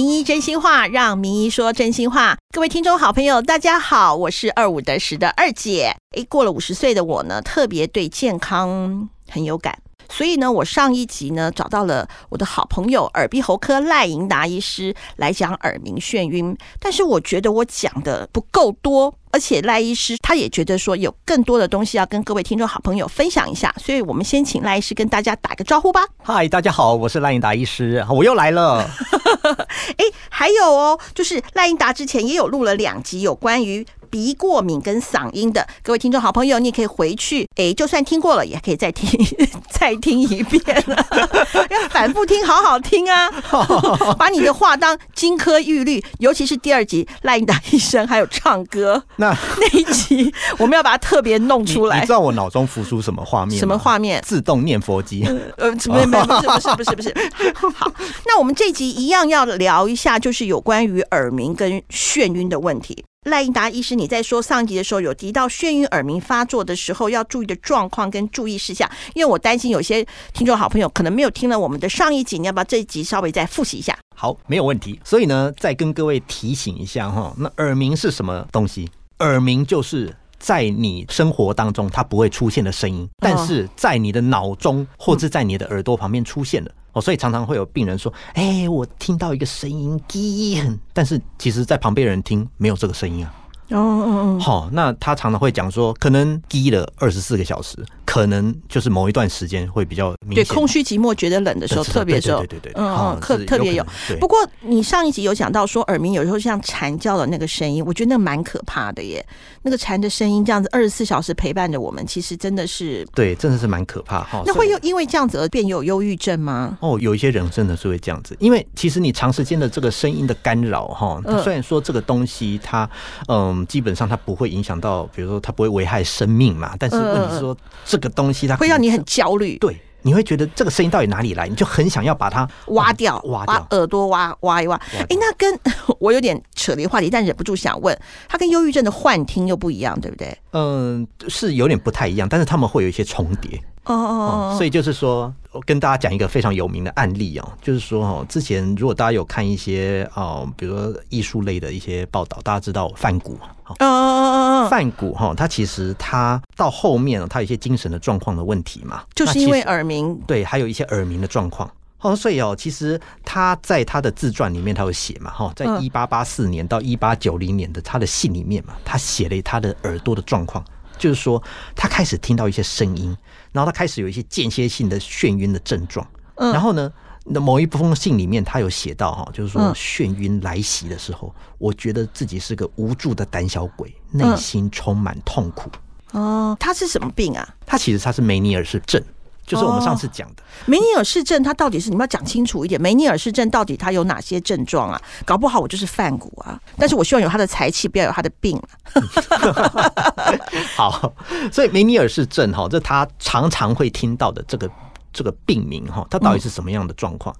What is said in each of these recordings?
名醫真心話，讓名醫說真心話。各位聽眾、好朋友，大家好，我是二五得十的二姐。哎，過了五十歲的我呢，特別對健康很有感。所以呢，我上一集呢找到了我的好朋友耳鼻喉科賴盈達醫師來講耳鳴眩暈，但是我覺得我講的不夠多，而且賴醫師他也覺得說有更多的東西要跟各位聽眾好朋友分享一下，所以我們先請賴醫師跟大家打個招呼吧。嗨，大家好，我是賴盈達醫師，我又來了。哎、 欸，還有哦，就是賴盈達之前也有錄了兩集有關於。鼻過敏跟嗓音的各位聽眾好朋友，你也可以回去，哎、欸，就算聽過了，也可以再聽，再聽一遍了，啊，要反覆聽，好好聽啊， 把你的話當金科玉律，尤其是第二集賴盈達醫生還有唱歌，那那一集我們要把它特別弄出來。你，你知道我腦中浮出什麼畫面？什麼畫面？自動念佛機、呃？呃，沒有，沒有，不是，不是，不是。 好，那我們這一集一樣要聊一下，就是有關於耳鳴跟眩暈的問題。賴盈達醫師，你在說上一集的時候有提到眩暈耳鳴發作的時候要注意的狀況跟注意事項，因為我擔心有些聽眾好朋友可能沒有聽了我們的上一集，你要不要這一集稍微再複習一下？好，沒有問題。所以呢，再跟各位提醒一下哈，那耳鳴是什麼東西？耳鳴就是在你生活當中它不會出現的聲音，但是在你的腦中或者在你的耳朵旁邊出現的。嗯所以常常會有病人說：“哎、欸，我聽到一個聲音，滴。”但是其實，在旁邊人聽沒有這個聲音啊。哦，哦哦，好，那他常常會講說，可能滴了二十四個小時。可能就是某一段時間會比較明對空虛寂寞覺得冷的時候特別熱，對對對，對，對，對，對嗯、哦、特特別有，有。不過你上一集有講到說耳鳴有時候像蟬叫的那個聲音，我覺得那蠻可怕的耶。那個蟬的聲音這樣子二十四小時陪伴着我們，其實真的是對，真的是蠻可怕哈。那會又因為這樣子而變有憂鬱症嗎？哦，有一些人真的是會這樣子，因為其實你長時間的這個聲音的干擾哈，雖然說這個東西它嗯基本上它不會影響到，比如說它不會危害生命嘛，但是問題是說這個。東西它會讓你很焦慮，對，你會覺得這個聲音到底哪裡來，你就很想要把它挖掉，、哦、挖掉，挖掉耳朵挖，挖挖一挖。哎,那跟我有點扯離話題，但忍不住想問他，它跟憂鬱症的幻聽又不一樣，對不對？嗯，是有點不太一樣，但是他們會有一些重疊。哦哦，哦，哦、嗯，所以就是說。我跟大家講一個非常有名的案例哦，就是說哦，之前如果大家有看一些哦，比如藝術類的一些報道，大家知道梵谷哦，嗯嗯嗯梵谷哦，他其實他到後面他有一些精神的狀況的問題嘛，就是因為耳鳴，對，還有一些耳鳴的狀況。哦，所以哦，其實他在他的自傳裡面他有寫嘛，哈，在一八八四年到一八九零年的他的信裡面嘛，他、哦、寫了他的耳朵的狀況。就是說，他開始聽到一些聲音，然後他開始有一些間歇性的眩暈的症狀。嗯，然後呢，那某一封信裡面他有寫到哈，就是說、嗯、眩暈來襲的時候，我覺得自己是個無助的膽小鬼，內心充滿痛苦。嗯、哦，他是什麼病啊？他其實他是梅尼爾氏症。就是我們上次講的、oh, 梅尼爾氏症，它到底是你們要講清楚一點，梅尼爾氏症到底它有哪些症狀啊？搞不好我就是梵谷啊，但是我希望有他的才氣，不要有他的病、啊、 好，所以梅尼爾氏症哈，這他常常會聽到的這個這個病名哈，它到底是什麼樣的狀況？嗯、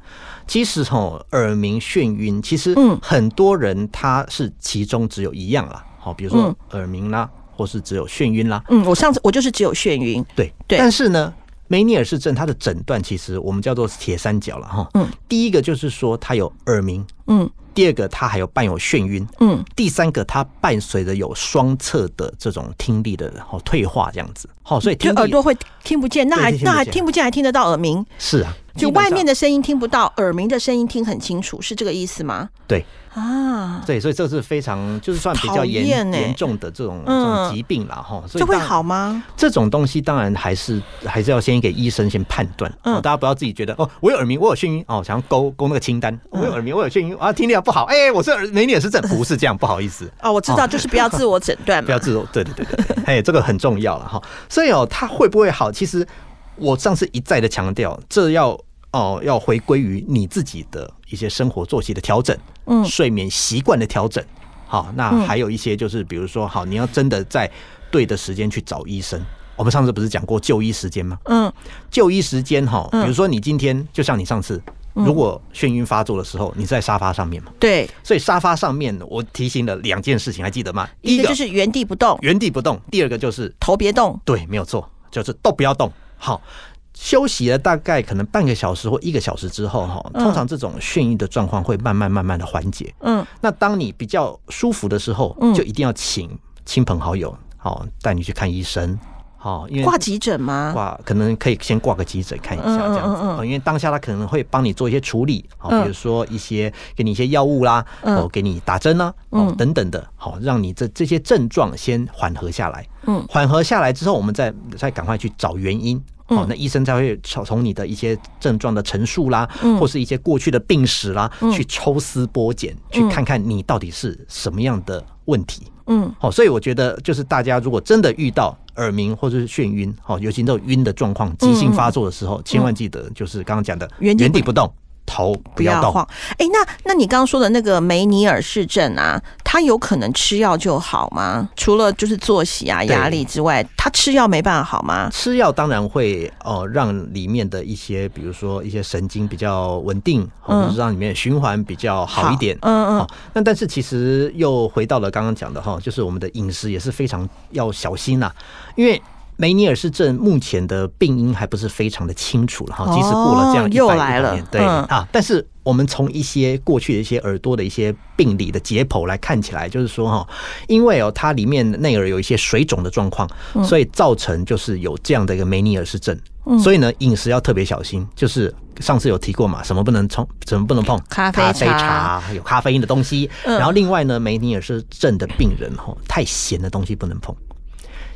其實哈，耳鳴、眩暈，其實嗯，很多人他是其中只有一樣啦，好，比如說耳鳴啦、嗯，或是只有眩暈啦。嗯，我上次我就是只有眩暈，對對，但是呢。梅尼爾氏症，它的診斷其實我們叫做鐵三角了哈。嗯，第一個就是說它有耳鳴，嗯，第二個它還有伴有眩暈，嗯，第三個它伴隨着有雙側的這種聽力的然後退化這樣子，好，所以聽聽耳朵會聽不見，那還那還聽不見，還聽得到耳鳴？是啊。就外面的聲音聽不到，耳鳴的聲音聽很清楚，是這個意思嗎？對啊，對，所以這是非常，就是算比較嚴嚴、欸、重的這種、嗯、這種疾病了哈。就會好嗎？這種東西當然還是還是要先給醫生先判斷。嗯、哦，大家不要自己覺得哦，我有耳鳴，我有眩暈哦，想要勾勾那個清單。嗯、我有耳鳴，我有眩暈啊，聽力不好，哎、欸，我這耳裡也是症，不是這樣，不好意思啊、哦，我知道，就是不要自我診斷，哦、 不要自我，對對對對，對，哎， 這個很重要了哈。所以哦，它會不會好？其實我上次一再的強調，這要。哦，要回歸於你自己的一些生活作息的調整，嗯，睡眠習慣的調整。好、哦，那還有一些就是，比如說，好，你要真的在對的時間去找醫生。我們上次不是講過就醫時間嗎？嗯，就醫時間哈、哦，比如說你今天、嗯，就像你上次，如果眩暈發作的時候，你是在沙發上面嘛、嗯。對，所以沙發上面，我提醒了兩件事情，還記得嗎？一？一個就是原地不動，原地不動；第二個就是頭別動。對，沒有錯，就是都不要動。好、哦。休息了大概可能半個小時或一個小時之後哈，通常這種眩暈的狀況會慢慢慢慢的緩解。嗯，那當你比較舒服的時候，就一定要請親朋好友好、嗯、帶你去看醫生。好，掛急診嗎？掛可能可以先掛個急診看一下、嗯、這樣子，因為當下他可能會幫你做一些處理，比如說一些、嗯、給你一些藥物啦，嗯呃、給你打針啦、啊、哦等等的，好讓你這這些症狀先緩和下來。嗯，緩和下來之後，我們再再趕快去找原因。好，那醫生才會從從你的一些症狀的陳述啦，嗯，或是一些過去的病史啦，嗯，去抽絲剝繭，去看看你到底是什麼樣的問題。嗯，好，所以我覺得就是大家如果真的遇到耳鳴或者是眩暈，好，尤其這種暈的狀況，急性發作的時候，嗯，千萬記得就是剛剛講的原地不動。頭不要，不要晃。哎、欸，那那你剛剛說的那個梅尼爾氏症啊，他有可能吃藥就好嗎？除了就是作息啊、壓力之外，他吃藥沒辦法好嗎？吃藥當然會哦、呃，讓裡面的一些，比如說一些神經比較穩定，或者是讓裡面循環比較好一點。嗯嗯。那、呃、但是其實又回到了剛剛講的哈，就是我們的飲食也是非常要小心吶、啊，因為。梅尼爾氏症目前的病因還不是非常的清楚了哈，即使過了這樣一、哦、又來了、嗯、對啊，但是我們從一些過去的一些耳朵的一些病理的解剖來看起來，就是說哈，因為哦，它裡面內耳有一些水腫的狀況、嗯，所以造成就是有這樣的一個梅尼爾氏症、嗯，所以呢，飲食要特別小心。就是上次有提過嘛，什麼不能沖，什麼不能碰，咖啡茶、咖啡茶、啊、有咖啡因的東西、嗯，然後另外呢，梅尼爾氏症的病人哈，太鹹的東西不能碰。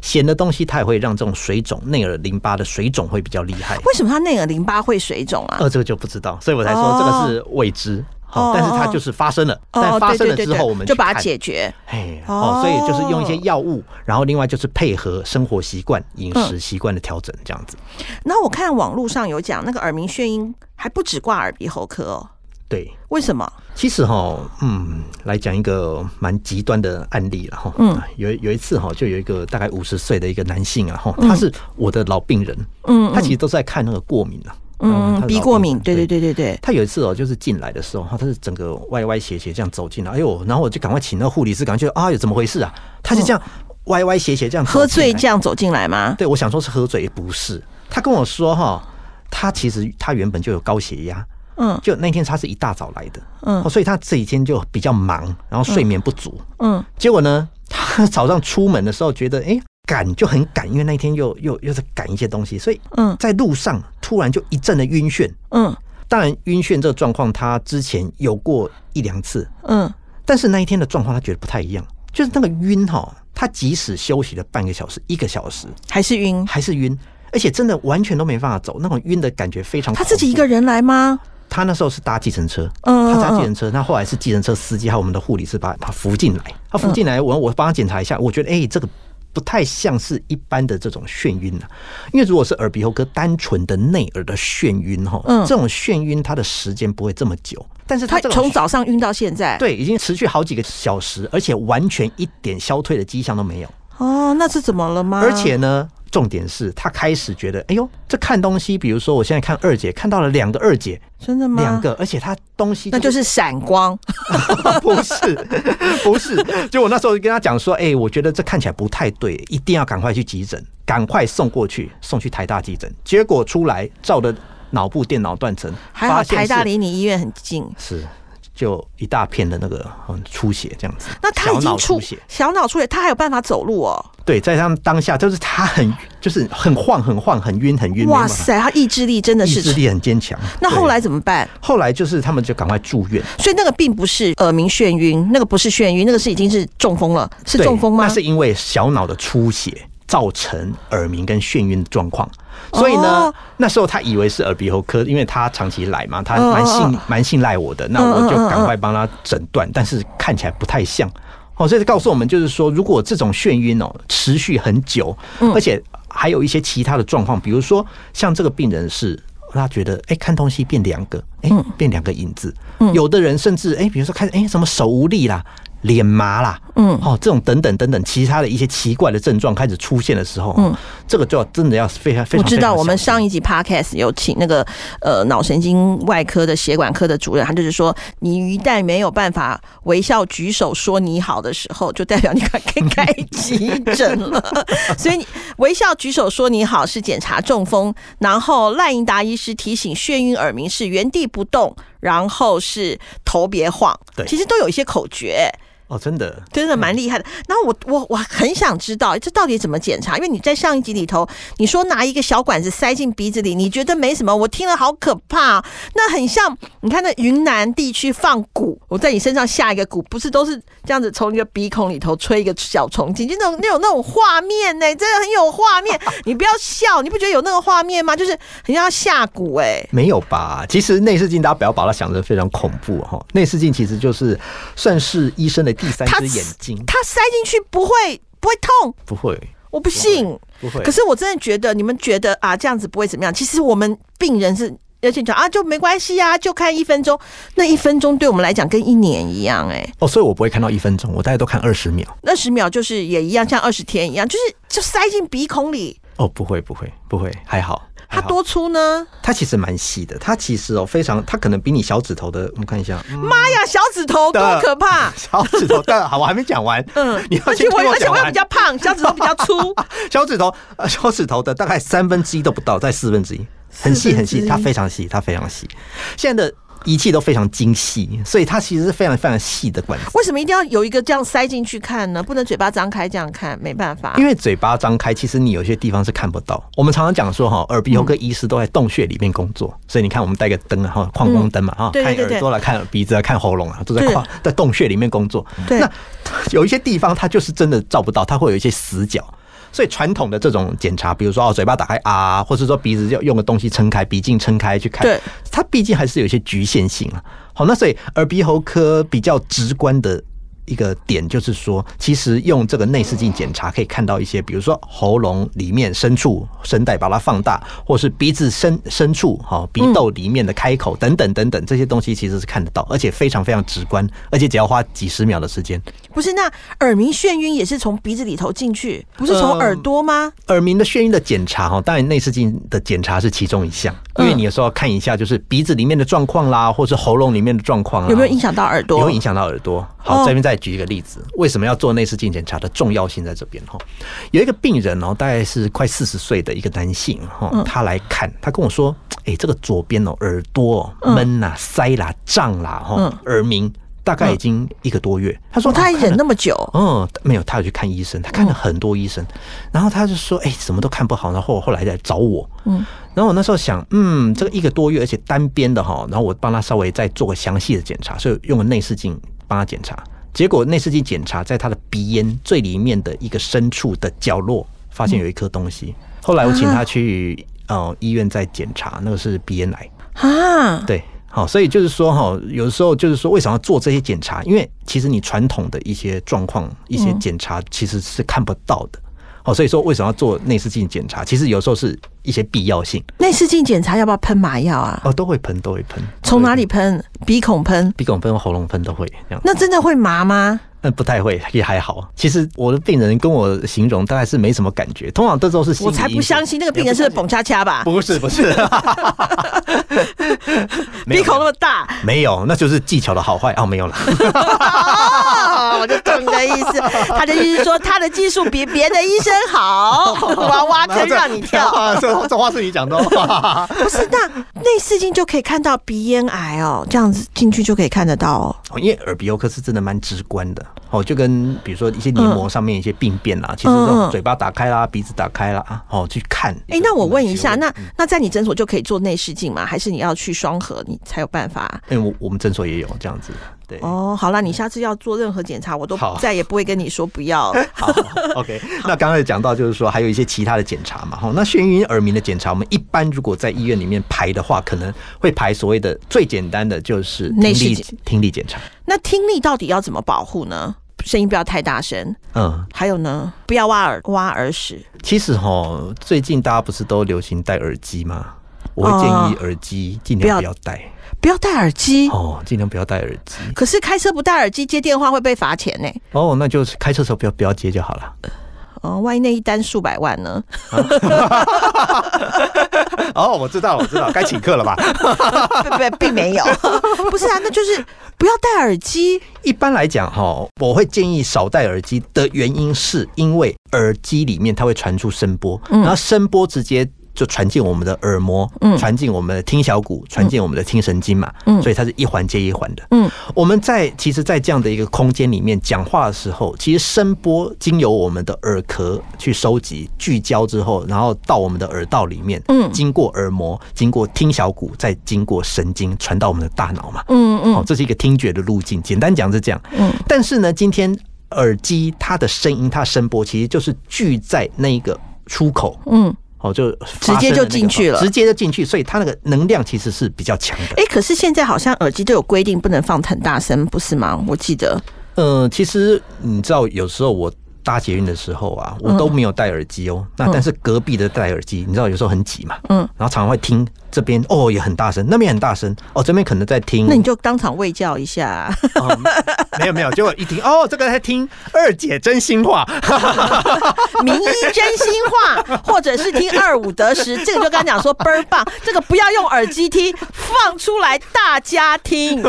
鹹的東西太會讓這種水腫內耳淋巴的水腫會比較厲害。為什麼它內耳淋巴會水腫啊？呃，這個就不知道，所以我才說這個是未知。好、哦哦，但是它就是發生了，在、哦、發生了之後，我們對對對對，就把它解決。哎、哦，哦，所以就是用一些藥物，然後另外就是配合生活習慣、飲食習慣的調整，這樣子、嗯。那我看網絡上有講，那個耳鳴、眩暈還不止掛耳鼻喉科哦。對，為什麼？其實哈，嗯，來講一個蠻極端的案例了哈。嗯，有有一次哈，就有一個大概五十歲的一個男性啊，哈、嗯，他是我的老病人。嗯，嗯他其實都是在看那個過敏啊。嗯，鼻過敏，對對對對對。他有一次哦，就是進來的時候，哈，他是整個歪歪斜斜這樣走進來。哎呦，然後我就趕快請那個護理師，趕快就啊，有怎麼回事啊？他就這樣歪歪斜斜這樣、嗯、喝醉這樣走進來嗎？對，我想說是喝醉，也不是。他跟我說哈，他其實他原本就有高血壓。嗯，就那天他是一大早來的，嗯，所以他這幾天就比較忙，然後睡眠不足，嗯，嗯，結果呢，他早上出門的時候覺得，哎、欸，趕就很趕，因為那天又又又在趕一些東西，所以嗯，在路上突然就一陣的暈眩，嗯，當然暈眩這個狀況他之前有過一兩次，嗯，但是那一天的狀況他覺得不太一樣，就是那個暈哈，他即使休息了半個小時一個小時還是暈，還是暈，而且真的完全都沒辦法走，那種暈的感覺非常。他自己一個人來嗎？他那時候是搭計程車，他搭計程車，那後來是計程車司機還有我們的護理師把他扶進來，他扶進來，我我幫他檢查一下，我覺得哎、欸，這個不太像是一般的這種眩暈啊，因為如果是耳鼻喉科單純的內耳的眩暈哈，這種眩暈它的時間不會這麼久，嗯，但是他從早上暈到現在，對，已經持續好幾個小時，而且完全一點消退的跡象都沒有。哦，那是怎麼了嗎？而且呢？重點是，他開始覺得，哎呦，這看東西，比如說，我現在看二姐，看到了兩個二姐，真的嗎？兩個，而且他東西就那就是閃光， 不是，不是。 就我那時候跟他講說，哎、欸，我覺得這看起來不太對，一定要趕快去急診，趕快送過去，送去台大急診。結果出來照的腦部電腦斷層，還好台大離你醫院很近，是。就一大片的那個出血這樣子，那他已經出，出血，小腦出血，他還有辦法走路哦？對，在他當下就是他很就是很晃很晃很暈很暈。哇塞，他意志力真的是意志力很堅強。那後來怎麼辦？後來就是他們就趕快住院。所以那個並不是耳鳴眩暈，那個不是眩暈，那個是已經是中風了，是中風嗎？那是因為小腦的出血造成耳鳴跟眩暈的狀況。所以呢，那時候他以為是耳鼻喉科，因為他長期來嘛，他蠻信蠻信賴我的，那我就趕快幫他診斷。但是看起來不太像哦，所以這告訴我們就是說，如果這種眩暈哦持續很久，而且還有一些其他的狀況，比如說像這個病人是他覺得欸，看東西變兩個，欸，變兩個影子，有的人甚至欸，比如說看欸，什麼手無力啦。臉麻啦，嗯，哦，這種等等等等，其他的一些奇怪的症狀開始出現的時候，嗯，這個就要真的要非常非常。我知道，我們上一集 podcast 有請那個呃腦神經外科的血管科的主任，他就是說，你一旦沒有辦法微笑舉手說你好的時候，就代表你該開急診了。 所以你微笑舉手說你好是檢查中風，然後賴盈達醫師提醒眩暈耳鳴是原地不動，然後是頭別晃，對，其實都有一些口訣。哦、嗯，真的，真的蠻厲害的。然後我我我很想知道，這到底怎麼檢查？因為你在上一集裡頭，你說拿一個小管子塞進鼻子裡，你覺得沒什麼，我聽了好可怕。那很像你看那雲南地區放蠱，我在你身上下一個蠱，不是都是這樣子從一個鼻孔裡頭吹一個小蟲進去，那種那種那種畫面呢、欸，真的很有畫面。 你不要笑，你不覺得有那個畫面嗎？就是很像要下蠱哎、欸，沒有吧？其實內視鏡大家不要把它想的非常恐怖哈，內視鏡其實就是算是醫生的。第三隻眼睛，他，它塞進去不會不會痛，不會，我不信不。不會，可是我真的覺得，你們覺得啊，這樣子不會怎麼樣？其實我們病人是要且講啊，就沒關係啊，就看一分鐘，那一分鐘對我們來講跟一年一樣哎、欸。哦，所以我不會看到一分鐘，我大概都看二十秒，二十秒就是也一樣，像二十天一樣，就是就塞進鼻孔裡。哦，不會不會不會，還好。它多粗呢？它其實蠻細的。它其實哦，非常，它可能比你小指頭的，我們看一下。嗯，媽呀，小指頭多可怕！小指頭的， 但好，我還沒講完。嗯，你要而且我而且我又比較胖，小指頭比較粗。 小指頭，小指頭的大概三分之一都不到，在四分之一，很細很細，它非常細，它非常細。現在的。儀器都非常精細，所以它其實是非常非常細的管。為什麼一定要有一個這樣塞進去看呢？不能嘴巴張開這樣看，沒辦法。因為嘴巴張開，其實你有些地方是看不到。我們常常講說，哈，耳鼻喉科醫師都在洞穴裡面工作，嗯、所以你看，我們帶個燈啊，哈，礦工燈嘛，哈、嗯，看耳朵啦、啊，看鼻子啦、啊，看喉嚨啊，都在礦在洞穴裡面工作。對對對，那有一些地方，它就是真的照不到，它會有一些死角。所以傳統的這種檢查，比如說哦，嘴巴打開啊，或是說鼻子就用個東西撐開，鼻鏡撐開去看，對。它畢竟還是有一些局限性啊。好，那所以耳鼻喉科比較直觀的。一個點就是說，其實用這個內視鏡檢查可以看到一些，比如說喉嚨裡面深處聲帶把它放大，或是鼻子深深處哈鼻竇裡面的開口、嗯、等等等等這些東西其實是看得到，而且非常非常直觀，而且只要花幾十秒的時間。不是，那耳鳴眩暈也是從鼻子裡頭進去，不是從耳朵嗎？呃、耳鳴的眩暈的檢查哈，當然內視鏡的檢查是其中一項，因為你有時候看一下就是鼻子裡面的狀況啦，或是喉嚨裡面的狀況、嗯、有沒有影響到耳朵？有沒有影響到耳朵。哦、好，這邊再。舉一個例子，為什麼要做內視鏡檢查的重要性在這邊哈？有一個病人哦，大概是快四十歲的一個男性哈，他來看，他跟我說：“哎、欸，這個左邊哦，耳朵悶啦、啊、塞啦、脹啦哈，耳鳴大概已經一個多月。嗯”他說：“哦、他還忍那麼久？”嗯，沒有，他有去看醫生，他看了很多醫生，然後他就說：“哎、欸，什麼都看不好。”然後後來在找我，嗯，然後我那時候想，嗯，這個一個多月而且單邊的哈，然後我幫他稍微再做個詳細的檢查，所以用個內視鏡幫他檢查。結果內視鏡檢查，在他的鼻咽最裡面的一個深處的角落，發現有一顆東西，嗯。後來我請他去，啊，呃醫院再檢查，那個是鼻咽癌啊。對，好，所以就是說哈，有時候就是說，為什麼要做這些檢查？因為其實你傳統的一些狀況、一些檢查其實是看不到的。嗯哦，所以說為什麼要做內視鏡檢查？其實有時候是一些必要性。內視鏡檢查要不要噴麻藥啊？哦，都會噴，都會噴。從哪裡噴？鼻孔噴，鼻孔噴，喉嚨噴，都會這樣。那真的會麻嗎？那不太會，也還好。其實我的病人跟我形容，大概是沒什麼感覺。通常這時候是我才不相信那個病人是蹦恰恰吧、欸不？不是，不是 鼻孔那麼大，沒有，那就是技巧的好壞哦、啊，沒有了。 哦 我就懂你的意思，他的意思說他的技術比別的醫生好，挖挖坑讓你跳。這這話是你講的吧？不是，那內視鏡就可以看到鼻咽癌哦、喔，這樣子進去就可以看得到哦。哦，因為耳鼻喉科是真的蠻直觀的，哦、喔，就跟比如說一些黏膜上面一些病變啦，嗯、其實都嘴巴打開啦，鼻子打開啦。啊，哦，去看。哎、欸，那我問一下，嗯、那那在你診所就可以做內視鏡嗎？還是你要去雙和你才有辦法？哎，我我們診所也有這樣子。對哦，好啦，你下次要做任何檢查，我都再也不會跟你說不要。好， 好，OK 好。那剛才講到就是說，還有一些其他的檢查嘛。哈，那眩暈耳鳴的檢查，我們一般如果在醫院裡面排的話，可能會排所謂的最簡單的，就是聽力聽力檢查。那聽力到底要怎麼保護呢？聲音不要太大聲。嗯，還有呢，不要挖耳挖耳屎。其實哈，最近大家不是都流行戴耳機嗎？我會建議耳機儘量不要戴，哦，不要戴耳機哦，儘量不要戴耳機。可是開車不戴耳機接電話會被罰錢呢？哦，那就是開車的時候不要不要接就好了。哦、呃，萬一那一單數百萬呢？啊、 哦，我知道，我知道，該請客了吧？ 不不，並沒有，不是啊，那就是不要戴耳機。一般來講，哈、哦，我會建議少戴耳機的原因是因為耳機裡面它會傳出聲波，嗯、然後聲波直接。就傳進我們的耳膜，傳進我們的聽小骨，嗯，傳進我們的聽神經嘛。嗯，所以它是一環接一環的。嗯，我們在其實，在這樣的一個空間裡面講話的時候，其實聲波經由我們的耳殼去收集、聚焦之後，然後到我們的耳道裡面，嗯，經過耳膜，經過聽小骨，再經過神經傳到我們的大腦嘛。嗯嗯，這是一個聽覺的路徑，簡單講是這樣。嗯，但是呢，今天耳機它的聲音，它聲波其實就是聚在那一個出口。嗯。哦，就、那個、直接就進去了，直接就進去，所以它那個能量其實是比較強的。哎、欸，可是現在好像耳機都有規定不能放很大聲，不是嗎？我記得。嗯、呃，其實你知道，有時候我搭捷運的時候啊，嗯、我都沒有戴耳機哦。那但是隔壁的戴耳機、嗯，你知道有時候很擠嘛。嗯，然後常常會聽。這邊哦也很大聲，那邊很大聲哦，這邊可能在聽。那你就當場衛教一下、啊哦。沒有沒有，結果一聽哦，這個在聽二姐真心話， 名醫真心話，或者是聽二五得十，這個就跟他講說倍兒棒。這個不要用耳機聽，放出來大家聽。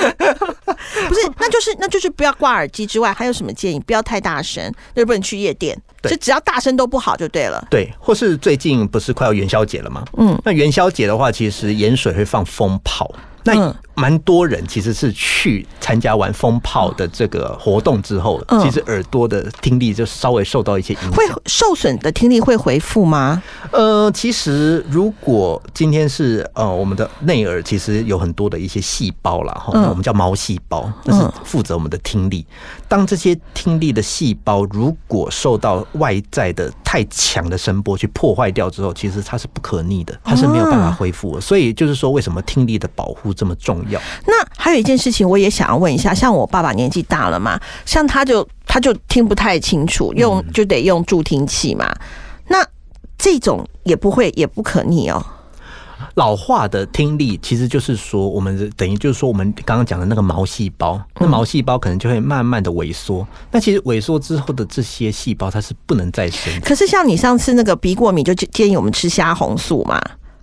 不是，那就是那就是不要掛耳機之外，還有什麼建議？不要太大聲，就不能去夜店，對，就只要大聲都不好就對了。對，或是最近不是快要元宵節了嗎？嗯。那元宵節的話，其實鹽水會放蜂炮，那蠻多人其實是去參加完蜂炮的這個活動之後，其實耳朵的聽力就稍微受到一些影響。會受損的聽力會恢復嗎？呃，其實如果今天是呃我們的內耳，其實有很多的一些細胞了哈、嗯，我們叫毛細胞，那是負責我們的聽力。當這些聽力的細胞如果受到外在的太強的聲波去破壞掉之後，其實它是不可逆的，它是沒有辦法恢復的、哦。所以就是說，為什麼聽力的保護這麼重要？那還有一件事情，我也想要問一下，像我爸爸年紀大了嘛，像他就他就聽不太清楚，用就得用助聽器嘛、嗯。那這種也不會，也不可逆哦、喔。老化的聽力其實就是說，我們等於就是說，我們剛剛講的那個毛細胞，那毛細胞可能就會慢慢的萎縮。那其實萎縮之後的這些細胞，它是不能再生的。可是像你上次那個鼻過敏，就建議我們吃蝦紅素嘛？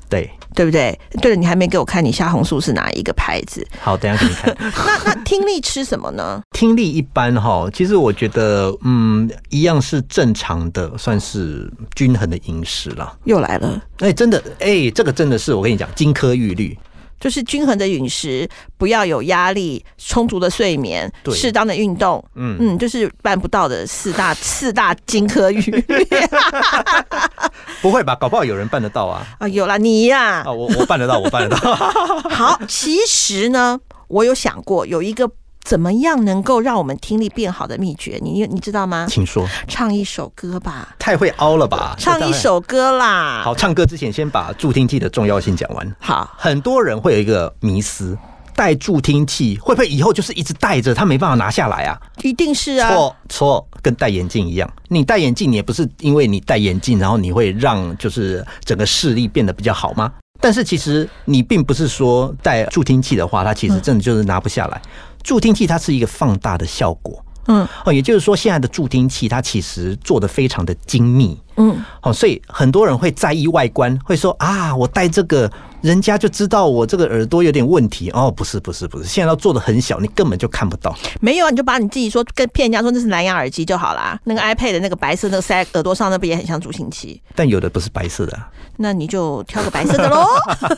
對。對不對？對了，你還沒給我看你蝦紅素是哪一個牌子？好，等一下給你看 那，那那聽力吃什麼呢？聽力一般哈、哦，其實我覺得，嗯，一樣是正常的，算是均衡的飲食啦。又來了，哎、欸，真的。哎、欸，這個真的是，我跟你講，金科玉律。就是均衡的飲食，不要有壓力，充足的睡眠，適當的運動，嗯嗯，就是辦不到的四大 四大金科玉 不會吧？搞不好有人辦得到啊！啊，有啦你呀、啊！啊，我我辦得到，我辦得到。 好，其實呢，我有想過有一個。怎麼樣能夠讓我們聽力變好的秘訣？你你知道嗎？請說。唱一首歌吧。太會凹了吧？唱一首歌啦。好，唱歌之前先把助聽器的重要性講完。好，很多人會有一個迷思，戴助聽器會不會以後就是一直戴着，他沒辦法拿下來啊？一定是啊。錯，錯，跟戴眼鏡一樣。你戴眼鏡，你也不是因為你戴眼鏡，然後你會讓就是整個視力變得比較好嗎？但是其實你並不是說戴助聽器的話，它其實真的就是拿不下來。嗯助聽器，它是一個放大的效果。嗯，哦，也就是說，現在的助聽器它其實做的非常的精密，嗯，哦，所以很多人會在意外觀，會說啊，我戴這個，人家就知道我這個耳朵有點問題。哦，不是，不是，不是，現在都做的很小，你根本就看不到。沒有啊，你就把你自己說跟騙人家說那是藍牙耳機就好啦。那個 iPad 的那個白色那個塞耳朵上，那不也很像助聽器？但有的不是白色的。那你就挑個白色的嘍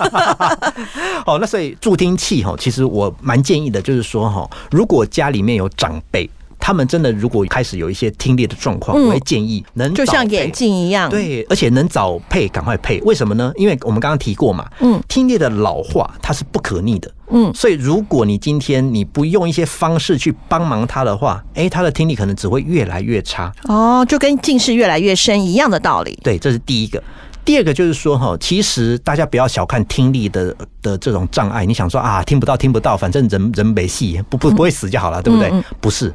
。 好，那所以助聽器哈，其實我蠻建議的，就是說哈，如果家裡面有長輩。他們真的，如果開始有一些聽力的狀況，嗯，我會建議能就像眼鏡一樣。欸，對，而且能早配趕快配。為什麼呢？因為我們剛剛提過嘛，嗯，聽力的老化它是不可逆的，嗯，所以如果你今天你不用一些方式去幫忙他的話，哎、欸，他的聽力可能只會越來越差哦，就跟近視越來越深一樣的道理。對，這是第一個。第二個就是說，哈，其實大家不要小看聽力的的這種障礙。你想說啊，聽不到聽不到，反正人人沒戲，不不不會死就好了，對不對？嗯嗯。不是，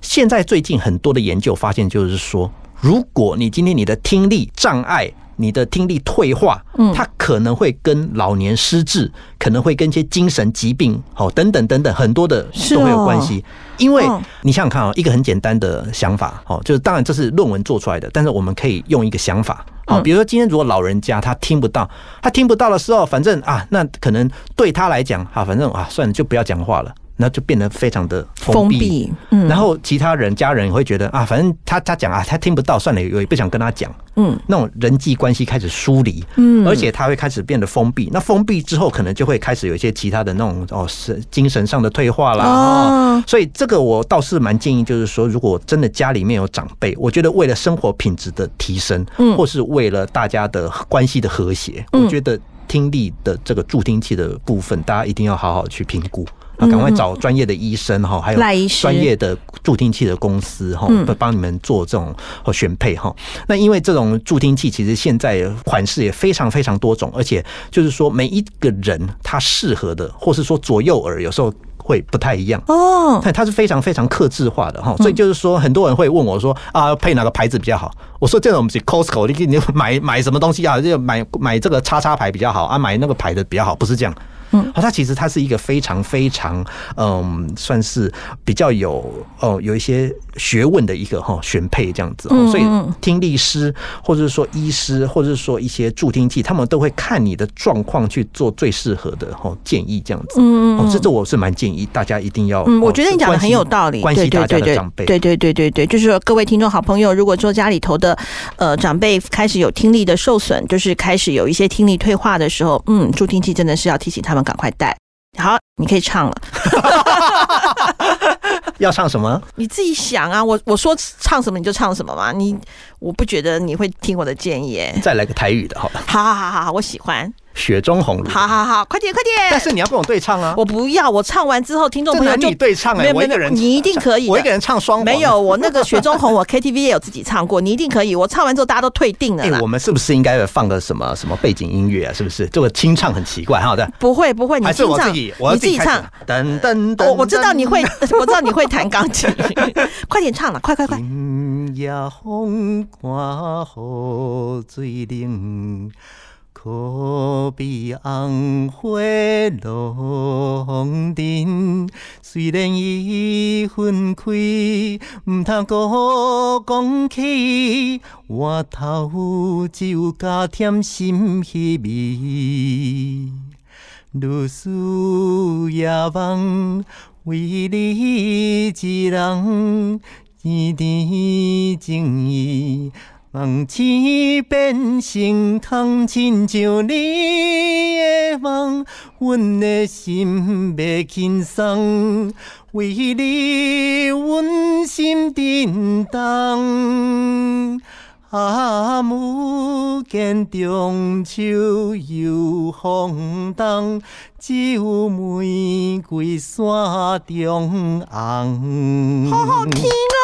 現在最近很多的研究發現，就是說，如果你今天你的聽力障礙。你的聽力退化，嗯，它可能會跟老年失智，嗯、可能會跟一些精神疾病，好、哦，等等等等，很多的都沒有關係。哦、因為你想想看啊、哦，一個很簡單的想法，好、哦，就是當然這是論文做出來的，但是我們可以用一個想法，好、哦，比如說今天如果老人家他聽不到，他聽不到的時候，反正啊，那可能對他來講，啊，反正啊，算了，就不要講話了。那就變得非常的封閉，然後其他人家人也會覺得啊，反正他他講啊，他聽不到算了，我也不想跟他講。嗯，那種人際關係開始疏離，嗯，而且他會開始變得封閉。那封閉之後，可能就會開始有一些其他的那種哦，精神上的退化啦。哦，所以這個我倒是蠻建議，就是說，如果真的家裡面有長輩，我覺得為了生活品質的提升，嗯，或是為了大家的關係的和諧，我覺得聽力的這個助聽器的部分，大家一定要好好去評估。啊，趕快找專業的醫生哈，還有專業的助聽器的公司哈，幫你們做這種和選配哈、嗯。那因為這種助聽器其實現在款式也非常非常多種，而且就是說每一個人他適合的，或是說左右耳有時候會不太一樣哦。它是非常非常客製化的哈，所以就是說很多人會問我說啊，配哪個牌子比較好？我說這種是 Costco，你你買買什麼東西啊？就買買這個叉叉牌比較好啊，買那個牌的比較好，不是這樣。好、哦，它其實它是一個非常非常嗯，算是比較有哦、呃，有一些學問的一個哈選配這樣子，嗯。所以聽力師或者是說醫師或者是說一些助聽器，他們都會看你的狀況去做最適合的哈、哦、建議這樣子。嗯嗯哦，這這我是蠻建議大家一定要。嗯，我覺得你講的很有道理。關係，對對對對對關係大家的長輩。對對，對對對對對，就是說各位聽眾好朋友，如果說家裡頭的呃長輩開始有聽力的受損，就是開始有一些聽力退化的時候，嗯，助聽器真的是要提醒他們。趕快帶好，你可以唱了。 要唱什麼？你自己想啊。我我說唱什麼你就唱什麼嘛。你我不覺得你會聽我的建議。哎，再來個台語的，好吧？好好好好，我喜歡。雪中紅，好好好，快點快點！但是你要跟我對唱啊！ 我不要，我唱完之後聽眾朋友，聽眾就友你對唱哎、欸，我一個人，你一定可以，我一個人唱雙 沒有，我那個雪中紅，我 KTV 也有自己唱過，你一定可以，我唱完之後大家都退訂了、欸。我們是不是應該放個什麼什麼背景音樂啊？是不是這個清唱很奇怪，好的？不會不會，你清唱自己唱，你自己唱。我、哦、我知道你會，我知道你會彈鋼琴， 快點唱了，快快快！夜風水冷，可比紅花紅艷，雖然已分開，唔通閣講起，換頭只有加添心稀微。如許夜夢，為你一人，一滴情意。夢醒變成空，親像你的夢，阮的心未輕鬆，為你阮心沉重。啊，不見中秋又風冬，只有玫瑰山中紅。好好聽哦、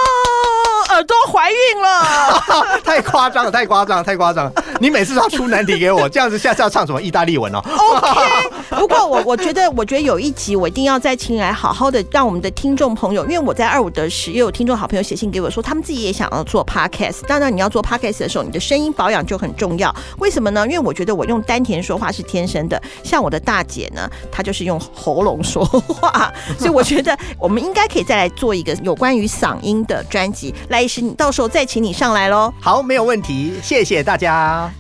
啊。耳朵懷孕了， 了，太誇張了， 了，太誇張，太誇張！你每次都要出難題給我，這樣子下次要唱什麼意大利文哦 okay, 不過我我覺得，我覺得有一集我一定要再請來好好的讓我們的聽眾朋友，因為我在二五得十，也有聽眾好朋友寫信給我說，他們自己也想要做 Podcast。當然，你要做 Podcast 的時候，你的聲音保養就很重要。為什麼呢？因為我覺得我用丹田說話是天生的，像我的大姐呢，她就是用喉嚨說話，所以我覺得我們應該可以再來做一個有關於嗓音的專輯來。是你到時候再請你上來嘍。好，沒有問題，謝謝大家。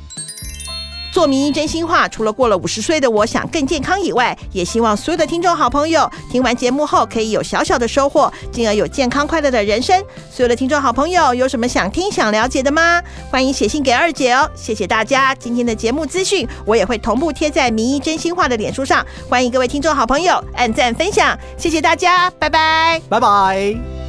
做名醫真心話，除了過了五十歲的我想更健康以外，也希望所有的聽眾好朋友聽完節目後可以有小小的收穫，進而有健康快樂的人生。所有的聽眾好朋友有什麼想聽、想了解的嗎？歡迎寫信給二姐哦。謝謝大家，今天的節目資訊我也會同步貼在名醫真心話的臉書上，歡迎各位聽眾好朋友按讚分享，謝謝大家，拜拜，拜拜。